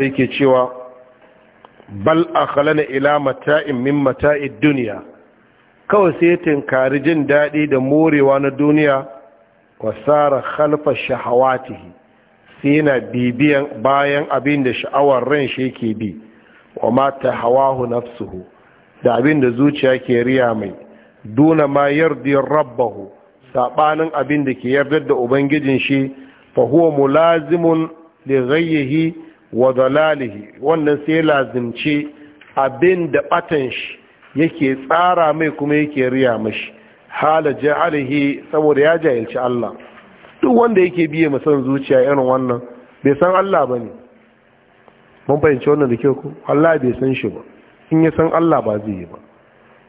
sai ke cewa bal khalana ila mata'in min mata'id duniya kawai sai tinkari jin daɗi da morewa na duniya wasara khalfa shahawatihi sai yana bibiyan bayan abin da sha'awar ran shi yake bi wa mata hawahu nafsuhu da abin da zuciya ke riya mai duna ma yardi rabbahu sabanin abin da ke yardar da ubangijin shi fa huwa mulazimun li ghayyihi wa dalalihi wannan sai lazimci abin da batan shi yake tsara mai kuma yake riya mashi hala ja'alihi saboda ya jahilci Allah duk wanda yake biye masan zuciya irin wannan bai san Allah ba ne mun fahimci wannan da kyau ku Allah bai san shi ba in ya san Allah ba zai yi ba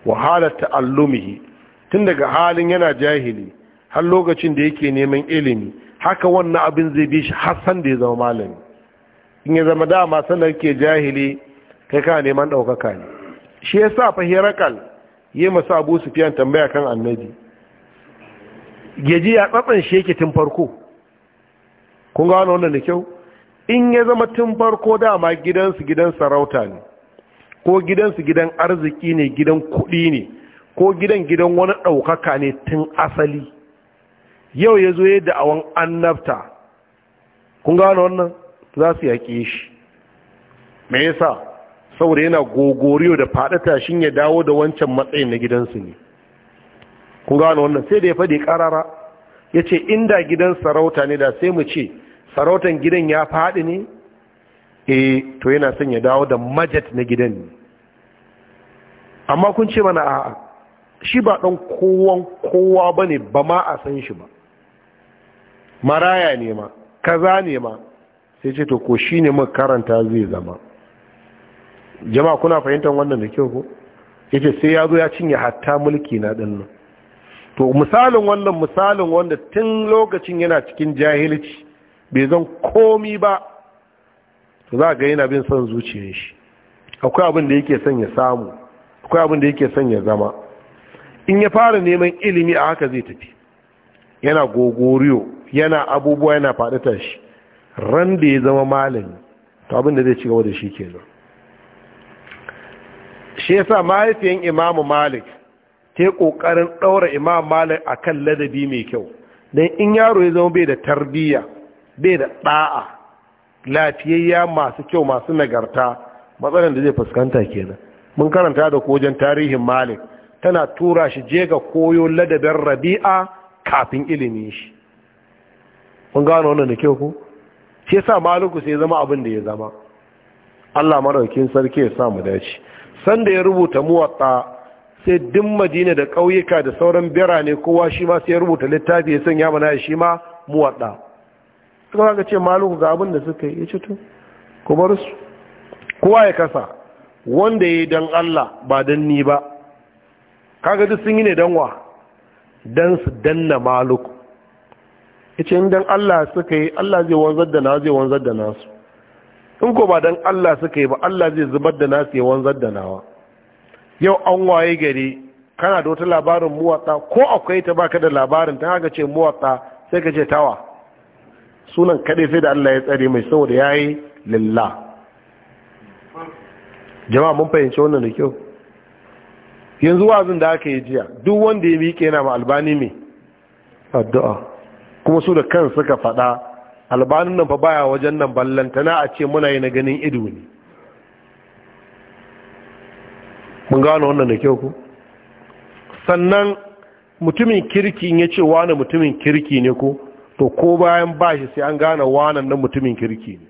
wa hala ta'allumihi tun daga halin yana jahili har lokacin da yake neman ilimi haka wannan abin zai bi shi har san da ya zama malami in ya zama dama sanar ke jahili kai ka neman ɗaukaka ne shi ya sa fa herakal yi masu abu su fiyan tambaya kan annabi gaji ya tsatsan shi yake tun farko kun ga wani wannan da kyau in ya zama tun farko dama gidansu gidan sarauta ne ko gidansu gidan arziki ne gidan kuɗi ne ko gidan gidan wani ɗaukaka ne tun asali yau ya zo yadda awon annabta kun ga wani wannan za su yaƙe shi me yasa saboda yana gogoriyo da faɗa tashin ya dawo da wancan matsayin na gidansu ne kun gano wannan sai da ya faɗi ƙarara ya ce inda gidan sarauta ne da sai mu ce sarautan gidan ya faɗi ne eh to yana son ya dawo da majat na gidan ne amma kun ce mana a'a shi ba ɗan kowan kowa ba ne ba ma a san shi ba maraya ne ma kaza ne ma sai ce to ko shi ne karanta zai zama jama'a kuna fahimtar wannan da kyau ko ya sai ya zo ya cinye hatta mulki na ɗannan to misalin wannan misalin wanda tun lokacin yana cikin jahilci bai zan komi ba to za ga yana bin son zuciyar shi akwai abin da yake son ya samu akwai abin da yake son ya zama in ya fara neman ilimi a haka zai tafi yana gogoriyo yana abubuwa yana faɗi shi. ran da ya zama malami to abin da zai ci gaba da shi ke nan shi yasa mahaifiyan imamu malik ta yi ƙoƙarin ɗaura imamu malik a kan ladabi mai kyau don in yaro ya zama bai da tarbiyya bai da ɗa'a lafiyayya masu kyau masu nagarta matsalar da zai fuskanta ke nan. mun karanta da kojan tarihin malik tana tura shi je ga koyo ladabin rabi'a kafin ilimin shi mun gano wannan da kyau ko shi sa maluku sai zama abin da ya zama Allah maraukin sarki ya sa mu dace sanda ya rubuta muwatta sai din madina da ƙauyuka da sauran birane kowa shi ma sai ya rubuta littafi ya sanya mana shi ma muwatta suka ga ce maluku ga abin da suka yi ya ce to ku bar su kowa ya kasa wanda ya yi Allah ba dan ni ba kaga duk sun yi ne danwa wa su danna maluku yace inda dan Allah suka yi Allah zai wanzar da na zai wanzar da nasu in ko ba dan Allah suka yi ba Allah zai zubar da nasu ya wanzar da nawa yau an waye gari kana da wata labarin muwatsa ko akwai ta baka da labarin ta haka ce muwatsa sai ka ce tawa sunan kadai sai da Allah ya tsare mai saboda ya yi lilla jama'a mun fahimci wannan da kyau yanzu wazin da aka yi jiya duk wanda ya miƙe yana ma albani mai addu'a kuma su da kan suka faɗa albanin nan fa baya wajen nan ballantana a ce muna yi na ganin ido ne mun gano wannan da kyau ku sannan mutumin kirki ya ce wani mutumin kirki ne ko to ko bayan bashi sai an gane wanan nan mutumin kirki ne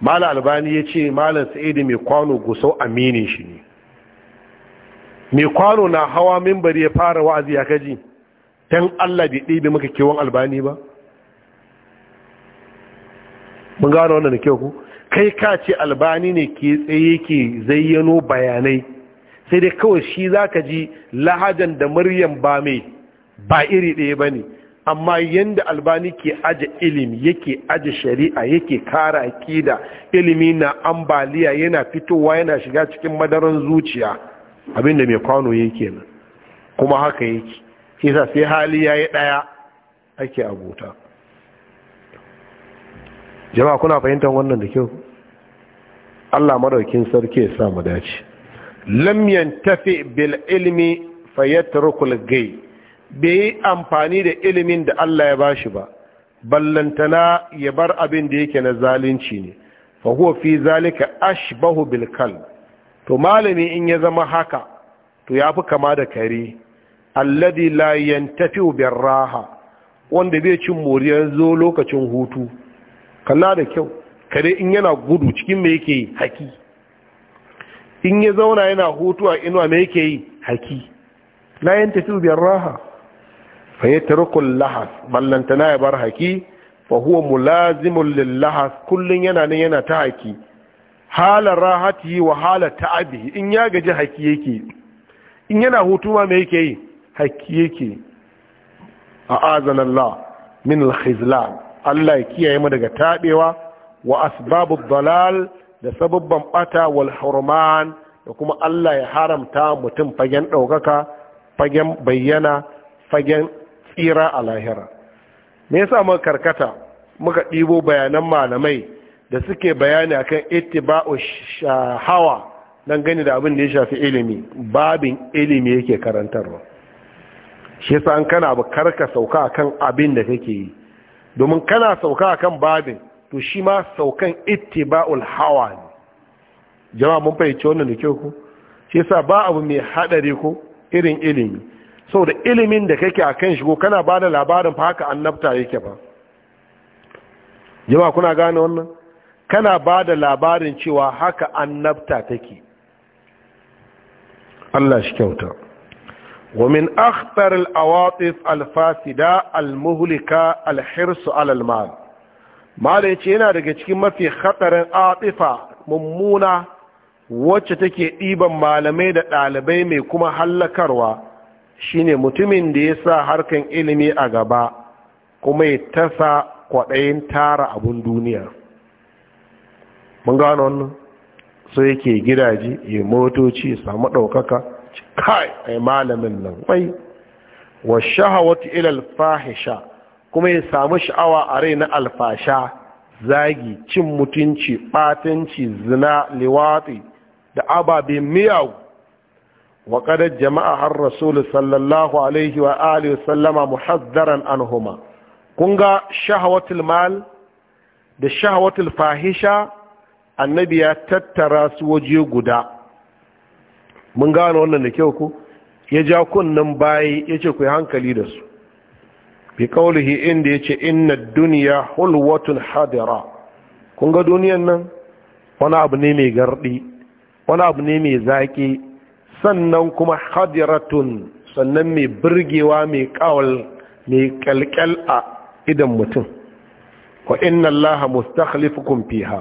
malam albani ya ce malam sa'idu mai kwano gusau aminin shi ne mai kwano na hawa mimbari ya fara wa'azi ya kaji dan Allah bai ɗebe maka kewan albani ba mun gano wannan da kyau ku kai ka ce albani ne ke tsaye ke zayyano bayanai sai dai kawai shi za ka ji lahajan da muryan ba mai ba iri ɗaya ba ne amma yadda albani ke aje ilimi yake aje shari'a yake kara da ilimi na ambaliya yana fitowa yana shiga cikin madaran zuciya abinda mai kwano yake nan kuma haka yake kisa sai hali ya yi ɗaya ake abota jama kuna fahimtar wannan da kyau Allah madaukin sarki ya sa mu dace lamyan tafi bil ilmi rukul gai. bai amfani da ilimin da Allah ya ba shi ba ballantana ya bar abin da yake na zalunci ne fa fi zalika ashbahu bil kal to malami in ya zama haka to ya fi kama da kare alladhi la yantafi'u raha wanda bai cin moriyar zo lokacin hutu kalla da kyau kare in yana gudu cikin me yake haki in ya zauna yana hutu a inuwa me yake yi haki la yantafi'u raha fa yatruku lahas ballantana ya bar haki fa huwa mulazimun lil lahas yana nan yana ta haki hala rahatihi wa ta ta'abihi in ya gaji haki yake in yana hutu ma me yake yi haƙƙi yake a azalallah min alkhizlan Allah ya kiyaye mu daga tabewa wa asbabud dalal da sababban bata wal hurman da kuma Allah ya haramta mutum fagen daukaka fagen bayyana fagen tsira a lahira me yasa muka karkata muka ɗibo bayanan malamai da suke bayani akan ittiba'u shahawa dan gani da abin da ya shafi ilimi babin ilimi yake karantarwa shi yasa an kana ba karka sauka akan abin da kake yi domin kana sauka akan babin to shi ma saukan ittiba'ul hawa ne jama'a mun fahimci wannan da kyau ko shi yasa ba abu mai hadari ko irin ilimi saboda ilimin da kake akan kan shigo kana ba da labarin fa haka annabta yake ba jama'a kuna gane wannan kana ba da labarin cewa haka annabta take Allah shi kyauta ومن أخطر الأواطف الفاسدة المهلكة alhirsu alalma, المال ما ليش هنا رجعتك ما في خطر عاطفة ممونة wacce take ɗiban malamai da ɗalibai mai kuma hallakarwa shine mutumin da ya sa harkar ilimi a gaba kuma ya tasa kwaɗayin tara abun duniya mun gano wannan so yake gidaje ya motoci samu ɗaukaka kai ai malamin nan wai wa shahawatu ila fahisha kuma ya samu sha'awa a rai na alfasha zagi cin mutunci batanci zina liwati da ababe miyau. wa ƙadar jama'a har rasul sallallahu alaihi wa alihi sallama muhaddaran anhuma kun ga shahawatul mal da shahawatul fahisha annabi ya tattara su waje guda mun gane wannan da kyau ku. ya ja kunnan bayi ya ce ku yi hankali da su bi kaulihi inda ya ce inna duniya hulwatun hadira kun ga duniyan nan wani abu ne mai gardi wani abu ne mai zaƙi sannan kuma hadiratun sannan mai birgewa mai kawal mai kalkal a idan mutum wa inna allaha mustakhlifukum fiha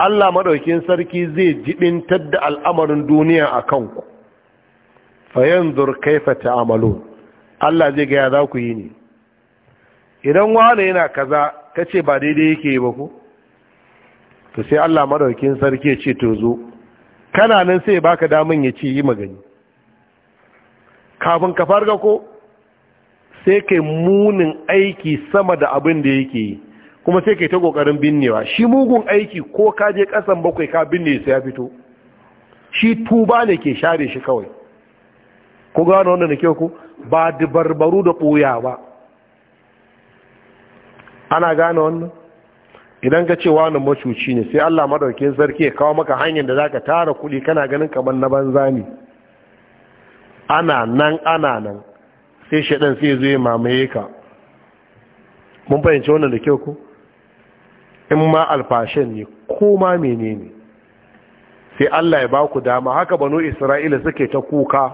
Allah maɗaukin sarki zai jibintar da al'amarin duniya a kanku fayan kaifa ta'amalu Allah zai gaya za ku yi ne idan wani yana kaza kace ba daidai yake ba ko to sai Allah madaukin sarki ya ce to zo kana nan sai baka damin ya ce yi magani kafin ka farga ko sai kai munin aiki sama da abin da yake yi kuma sai kai ta kokarin binnewa shi mugun aiki ko ka je kasan bakwai ka binne sai ya fito shi tuba ne ke share shi kawai ku gano wanda na kyau ku ba barbaru da ɓoya ba ana gane wannan idan ka ce wani macuci ne sai Allah madauke sarki ya kawo maka hanyar da zaka tara kuɗi kana ganin kamar na banza ne ana nan ana nan sai shaɗan sai zo ya mamaye ka mun fahimci wannan da kyau ko in ma alfashin ne ko ma menene sai Allah ya ba ku dama haka banu Isra'ila suke ta kuka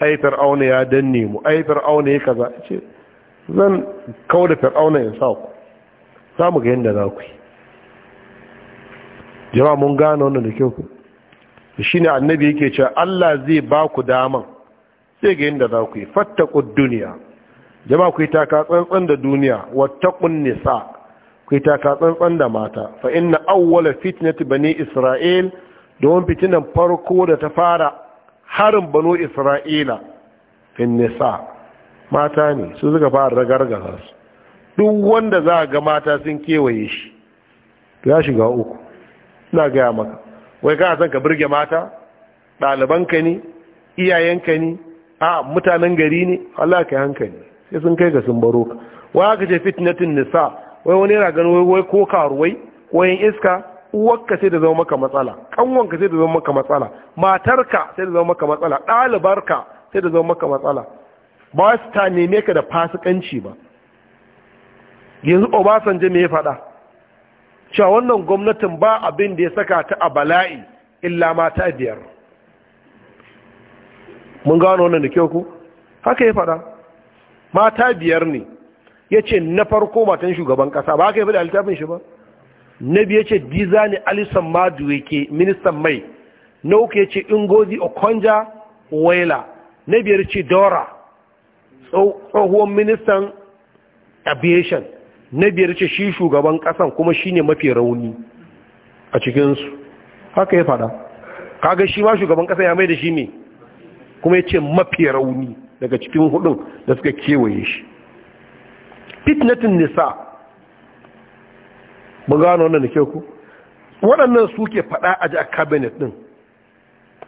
ai fir'auna ya danne mu ai fir'auna ya kaza ce zan kawo da fir'auna in sa ku za mu ga yadda za ku yi jama'a mun gane wannan da kyau shi ne annabi yake ce Allah zai ba ku dama sai ga yadda za ku yi fattaku duniya jama'a ku yi taka tsantsan da duniya wattaqun nisa ku yi tsantsan da mata fa inna awwala fitnati bani isra'il don fitinan farko da ta fara harin banu isra'ila fin nisa mata ne su suka fara ragargaza su duk wanda za ga mata sun kewaye shi ya shiga uku na gaya maka wai ka san ka burge mata ka ne iyayenka ne a mutanen gari ne Allah ka hankali sai sun kai ga sun baro ka wa ka ce fitnatin nisa wai wani yana ganin wai wai ko karuwai wayan iska uwarka sai da zama maka matsala kanwanka sai da zama maka matsala matarka sai da zama maka matsala ɗalibarka sai da zama maka matsala ba su ta neme ka da fasikanci ba yanzu obasanjo me ya faɗa cewa wannan gwamnatin ba abin da ya saka ta a bala'i illa mata biyar mun gano wannan da kyau ku haka ya faɗa mata biyar ne ya ce na farko matan shugaban kasa ba ka yi da littafin shi ba na biya ce diza ne alisan maduweke ministan mai na uku ya ce ingozi okonja waila na biyar ce dora tsohuwan ministan aviation na biyar ce shi shugaban kasan kuma shi ne mafi rauni a cikinsu haka ya fada kaga shi ma shugaban kasa ya mai da shi ne kuma ya ce mafi rauni daga cikin hudun da suka kewaye shi fitnatin nisa ba gano wannan da ke ku waɗannan su ke faɗa a ji cabinet ɗin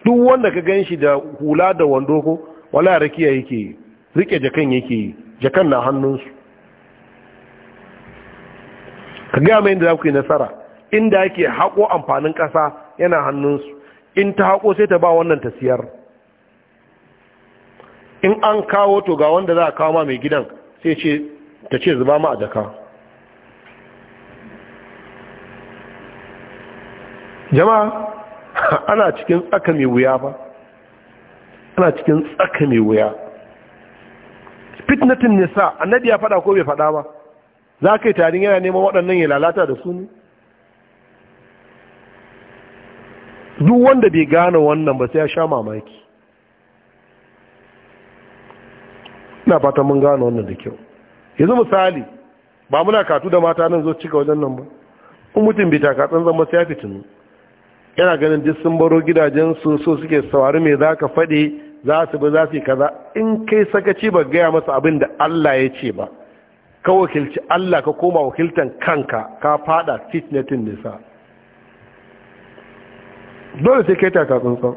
duk wanda ka gan shi da hula da wando ko wala rakiya yake yi rike jakan yake yi jakan na hannunsu ka gaya mai inda za ku yi nasara inda yake haƙo amfanin ƙasa yana hannunsu in ta haƙo sai ta ba wannan ta siyar in an kawo to ga wanda za a kawo ma mai gidan sai ce ta ce zuba ma a jaka jama'a ana cikin tsaka mai wuya ba ana cikin tsaka mai wuya fitnatin nisa annabi ya fada ko bai fada ba za ka yi tarin yana neman waɗannan ya lalata da su ne duk wanda bai gane wannan ba sai ya sha mamaki ina fata mun gane wannan da kyau yanzu misali ba muna katu da mata nan zo cika wajen nan ba in mutum bai taka zama ba sai ya fitinu yana ganin duk sun baro gidajen su so suke saurari me za ka faɗi za su bi za su yi kaza in kai sakaci ba gaya masa abin da Allah ya ce ba ka wakilci Allah ka koma wakiltan kanka ka fada fitnatin nisa dole sai kai ta taka san.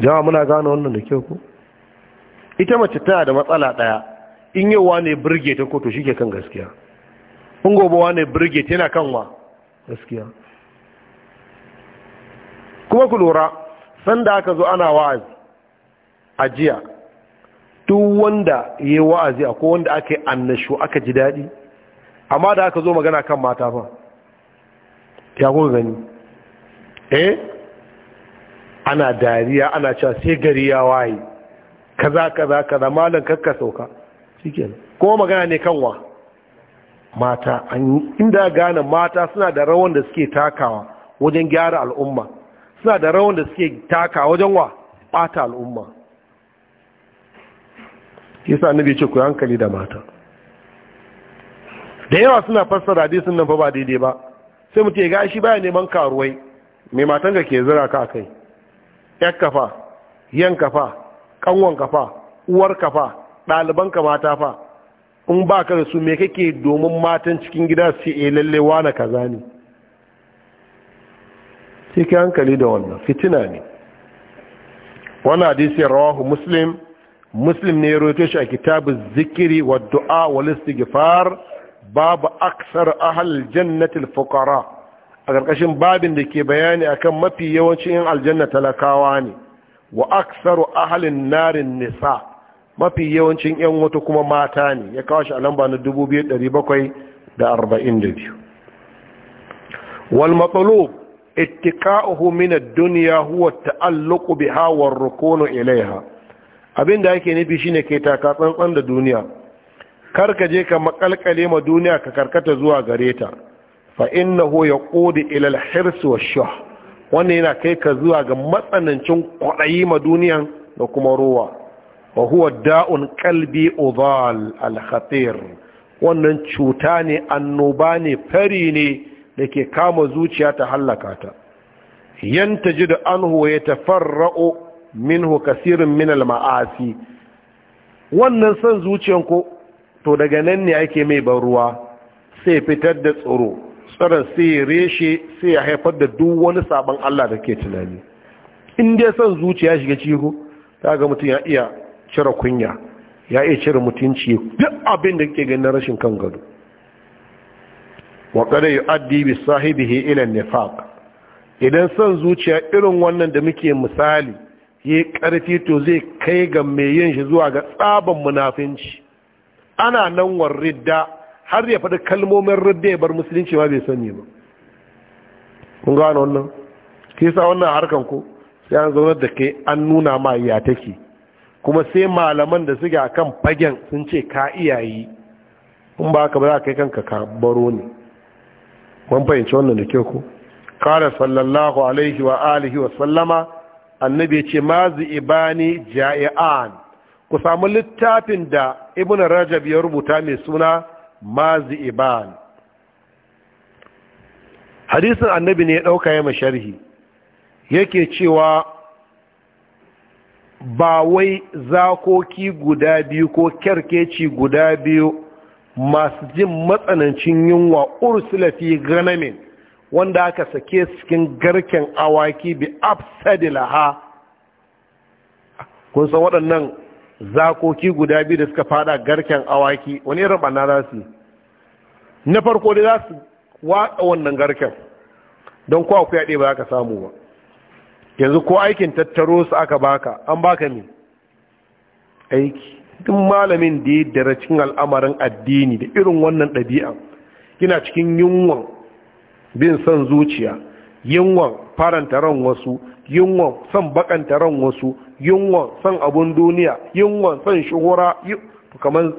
jama'a muna gane wannan da kyau ko ita mace tana da matsala ɗaya in yau ne birge ta koto shi ke kan gaskiya in gobe wane birge ta yana kan wa gaskiya kuma ku lura sanda aka zo ana wa'azi a jiya duk wanda ya yi wa'azi a wanda aka yi annashu aka ji daɗi amma da aka zo magana kan mata ba ya kuma gani eh ana dariya ana cewa sai gari ya waye kaza kaza kaza malam kakka sauka shikenan kuma magana ne kanwa mata inda gane mata suna da rawan da suke takawa wajen gyara al'umma suna da rawan da suke taka wajen wa bata al'umma yasa annabi ce ku hankali da mata da yawa suna fassara sun nan fa ba daidai ba sai mu ya gashi shi baya neman karuwai mai matan ka ke zira ka kai yak kafa yan kafa kanwan kafa uwar kafa ɗaliban ka mata fa in ba ka da su me kake domin matan cikin gida su yi eh, lalle wane kaza ne sai ka hankali da wannan fitina ne Wani hadisi rawahu muslim muslim ne ya roto shi a kitabu zikiri wa du'a wa istighfar babu aksar ahal jannatil fukara, a ƙarƙashin babin da ke bayani akan mafi yawancin yin aljanna talakawa ne wa aksaru ahalin narin nisa mafi yawancin yan wata kuma mata ne ya kawo shi a lamba na 2742 wal matsalo ittika'uhu min duniya dunya huwa ta'alluqu biha wa rukunu ilaiha abinda yake nufi shine kai taka tsantsan da duniya kar ka je ka makalkale ma duniya ka karkata zuwa gare ta fa innahu ya ila ilal hirsu wa shuh wannan yana kai ka zuwa ga matsanancin kwaɗayi ma duniyan da kuma ruwa wa huwa da'un qalbi udal al-khatir wannan cuta ne annoba ne fari ne da ke kama zuciya ta hallaka ta ji da anhu ya tafarra'u minhu kasirin min al-ma'asi wannan son zuciyan ko to daga nan ne ake mai ban ruwa sai fitar da tsoro tsaron sai reshe sai ya haifar da duk wani sabon Allah da ke tunani inda dai son zuciya shiga ciko ta ga mutum ya iya cire kunya ya iya cire mutunci duk abin da kake ganin rashin kan gado waƙada yi yu'addi bi sahibihi ila nefak idan son zuciya irin wannan da muke misali ya yi ƙarfi to zai kai ga mai yin shi zuwa ga tsaban munafinci ana nan war ridda har ya faɗi kalmomin ridda ya bar musulunci ma bai sani ba kun gano wannan kisa wannan harkar ku. sai an zaunar da kai an nuna ma ya take kuma sai malaman da suke akan fagen sun ce ka iyayi in ba ka ba za ka kai kanka ka baro ne mun fahimci wannan da kyau ko qala sallallahu alaihi wa alihi wa sallama annabi ya ce mazi ibani ja'ian ku samu littafin da ibnu rajab ya rubuta mai suna mazi ibani hadisin annabi ne ya dauka ya masharhi yake cewa ba wai zakoki guda biyu ko kyarkeci guda biyu masu jin matsanancin yunwa ursula fi ganamin wanda aka sake cikin garken awaki bi laha kun san waɗannan zakoki guda biyu da suka fada garken awaki wani irin ɓanna za su na farko da za su waɗa wannan garken don kwa ku ba za ka samu ba yanzu ko aikin tattaro su aka baka an baka ne aiki duk malamin da ya dara cikin al'amarin addini da irin wannan ɗabi'a kina cikin yunwan bin son zuciya yunwan faranta ran wasu yunwan son bakanta ran wasu yunwan son abun duniya yunwan son shuhura kamar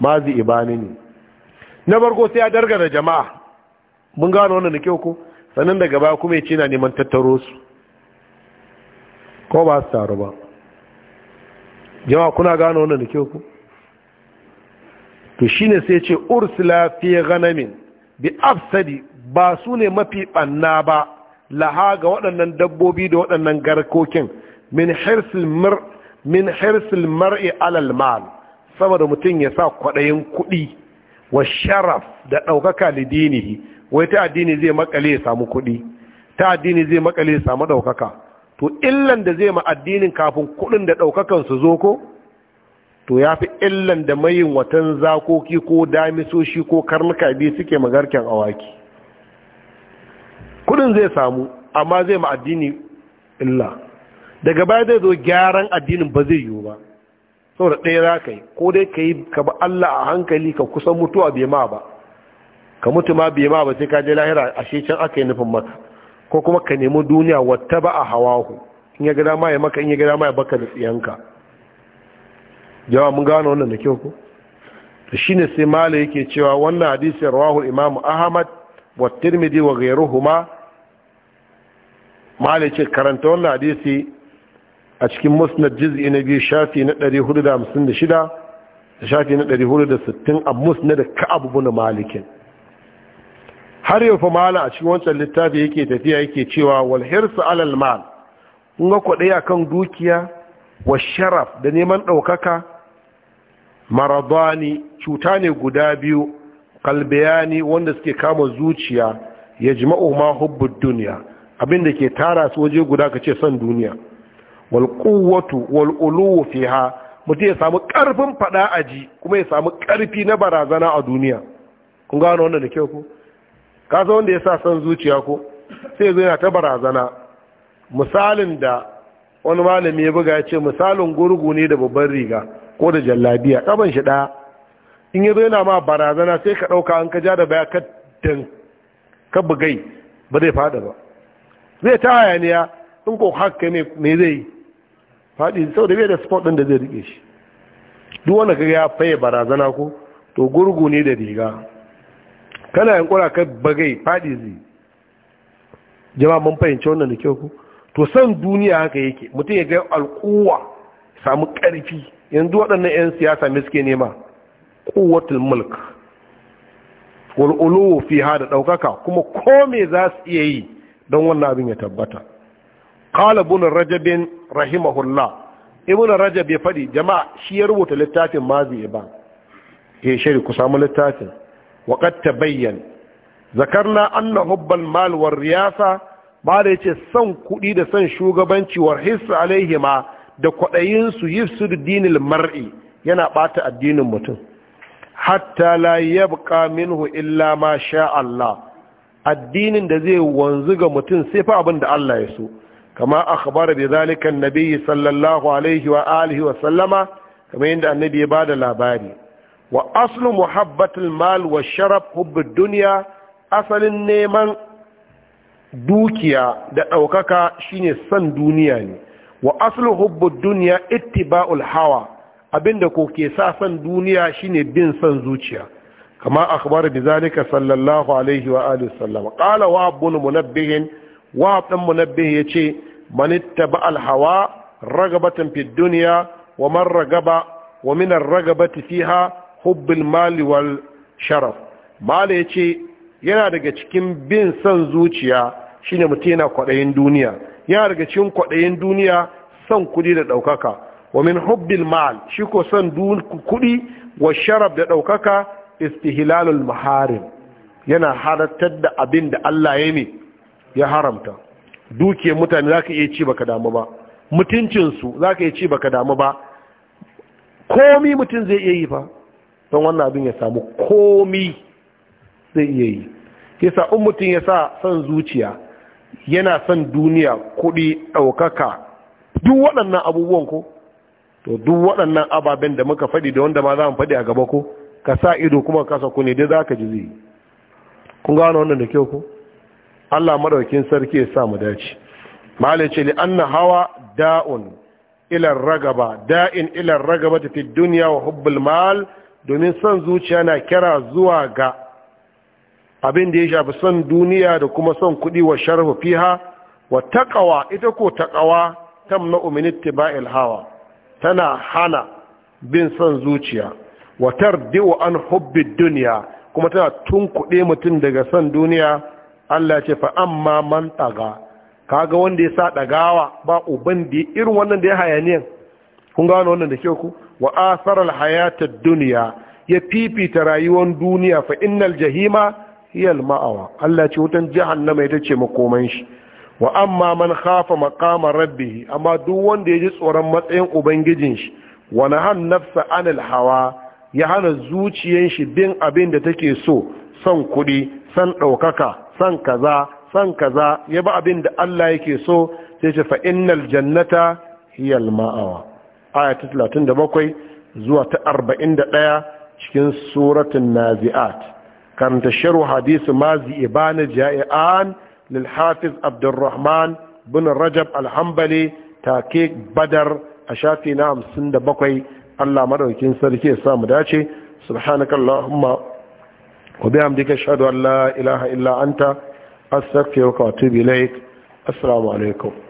mazi ibani ne na farko sai ya da jama'a mun gano wannan da kyau ko sannan daga baya kuma ya ce na neman tattaro su ko ba su taru ba jama kuna gano wannan da ke ku to shine sai ce ursula fiye ganamin bi afsadi ba su ne mafi ɓanna ba laha ga waɗannan dabbobi da waɗannan garkokin min hirsil min mar'i alalman saboda mutum ya sa kwaɗayin kuɗi wa sharaf da ɗaukaka lidinihi wai ta addini zai makale ya samu kuɗi ta addini zai makale ya samu ɗaukaka to illan da zai ma addinin kafin kudin da daukakan su zo ko to ya fi illan da mayin watan zakoki ko damisoshi ko karnuka biyu suke magarken awaki kudin zai samu amma zai ma addini illa daga baya zai zo gyaran addinin ba zai yiwu ba saboda ɗaya za ka yi ko dai ka yi ka ba Allah a hankali ka kusan mutuwa bai ma ba ka mutu ma bai ma ba sai ka je lahira ashe can aka yi nufin maka ko kuma ka nemi duniya wata ba a hawahu in ya gada ma ya maka in ya gada ma ya baka da tsiyanka jawa mun gano wannan da kyau ko to shine sai mala yake cewa wannan hadisi rawahu imam ahmad wa tirmidhi wa ghayruhuma mala ce karanta wannan hadisi a cikin musnad juz'i na biyu shafi na 456 da shafi na 460 a musnad ka'ab na malikin har yau fa mala a cikin wancan littafi yake tafiya yake cewa wal hirsu alal mal kun ga kuɗi akan dukiya wa sharaf da neman ɗaukaka maradani cuta ne guda biyu kalbiyani wanda suke kama zuciya ya jima'u ma hubbud duniya abinda ke tara su waje guda ka ce son duniya wal quwwatu wal uluwu fiha mutum ya samu karfin fada aji kuma ya samu karfi na barazana a duniya kun gano wannan da kyau ko ka san wanda ya sa san zuciya ko sai zo yana ta barazana misalin da wani malami ya buga ya ce misalin gurgu ne da babban riga ko da jallabiya kaban shi ɗaya in ya zo yana ma barazana sai ka ɗauka an ka ja da baya ka ka bugai ba zai fada ba zai ta hayaniya in ko haka me zai faɗi sau da bai da sport ɗin da zai rike shi duk wanda kaga ya faye barazana ko to gurgu ne da riga kana yankura ka bagai faɗi zai jama'a mun fahimci wannan da kyau ku to san duniya haka yake mutum ya ga alƙuwa samu ƙarfi yanzu waɗannan 'yan siyasa mai suke nema ƙuwatul mulk wal'ulu fi da ɗaukaka kuma ko me za su iya yi don wannan abin ya tabbata qala ibn rajabin rahimahullah ibn rajab ya faɗi jama'a shi ya rubuta littafin ma zai ba ya shari ku samu littafin Waƙar ta وقد Zakar na أن حب riyasa والرياسة بعد يتي سن كودي ده سن شوغبانشي والحس عليهما da kwaɗayinsu yifsir dinil mar'i yana ɓata addinin mutum hatta la minhu illa ma sha Allah addinin da zai wanzu ga mutum sai fa abin da Allah ya so kama akhbara bi zalika annabi sallallahu alaihi wa alihi wa sallama kamar yadda annabi ya bada labari wa aslu muhabbatul mal wa sharaf hubbud duniya asalin neman dukiya da ɗaukaka shine san duniya ne wa aslu hubbud duniya ittiba'ul hawa abinda ko ke sa san duniya shine bin san zuciya kama akhbar bi zalika sallallahu alaihi wa alihi sallam qala wa abun munabbih wa abun munabbih yace man ittaba'al hawa ragabatan fid dunya wa man ragaba wa min ar-ragabati fiha Hubbin mali wal sharaf mala yace yana daga cikin bin son zuciya shine mutum yana kwaɗayin duniya yana daga cikin kwaɗayin duniya son kuɗi da ɗaukaka wa min hubbil mal shi ko son kuɗi wa sharaf da ɗaukaka istihlalul maharim yana halartar da abin da Allah ya yi ya haramta dukiyar mutane zaka iya ci baka damu ba mutuncinsu zaka iya ci baka damu ba komi mutum zai iya yi ba. don wannan abin ya samu komi zai iya yi kisa in mutum ya sa son zuciya yana son duniya kuɗi ɗaukaka duk waɗannan abubuwan ko to duk waɗannan ababen da muka faɗi da wanda ma za mu faɗi a gaba ko ka sa ido kuma kasa ku ne dai za ka ji zai kun gano wannan da kyau ko Allah madaukin sarki ya sa mu dace malai ce li anna hawa da'un ilar ragaba da'in ilar ragaba fi duniya wa hubbul mal domin son zuciya na kira zuwa ga abin da ya shafi son duniya da kuma son kuɗi wa sharhu fiha wa taqawa ita ko taqawa tamna min ittiba'il hawa tana hana bin son zuciya wa tardu an hubbi dunya kuma tana tun tunkuɗe mutum daga son duniya Allah ce fa amma man taga kaga wanda ya sa dagawa ba uban da irin wannan da ya hayaniyan kun gano wannan da kyau ku wa asarar hayatar duniya ya fifita rayuwar duniya fa innal jahima hiyal ma'awa Allah ce wutan jahannama ita ce makoman shi wa amma man khafa maqama rabbih amma duk wanda yaji tsoron matsayin ubangijin shi wa nahan nafsa anil hawa ya hana zuciyar shi bin abin da take so son kuɗi son ɗaukaka son kaza son kaza ya ba abin da Allah yake so sai ce fa innal jannata hiyal ma'awa aya ta 37 zuwa ta 41 cikin suratun nazi'at karanta sharu hadisu mazi ibana ja'i'an lil hafiz abdurrahman bin rajab alhambali take badar a shafi na 57 allah madaukin sarki ya samu dace subhanakallahumma wa bihamdika ashhadu an la ilaha illa anta astaghfiruka wa atubu ilaik assalamu alaikum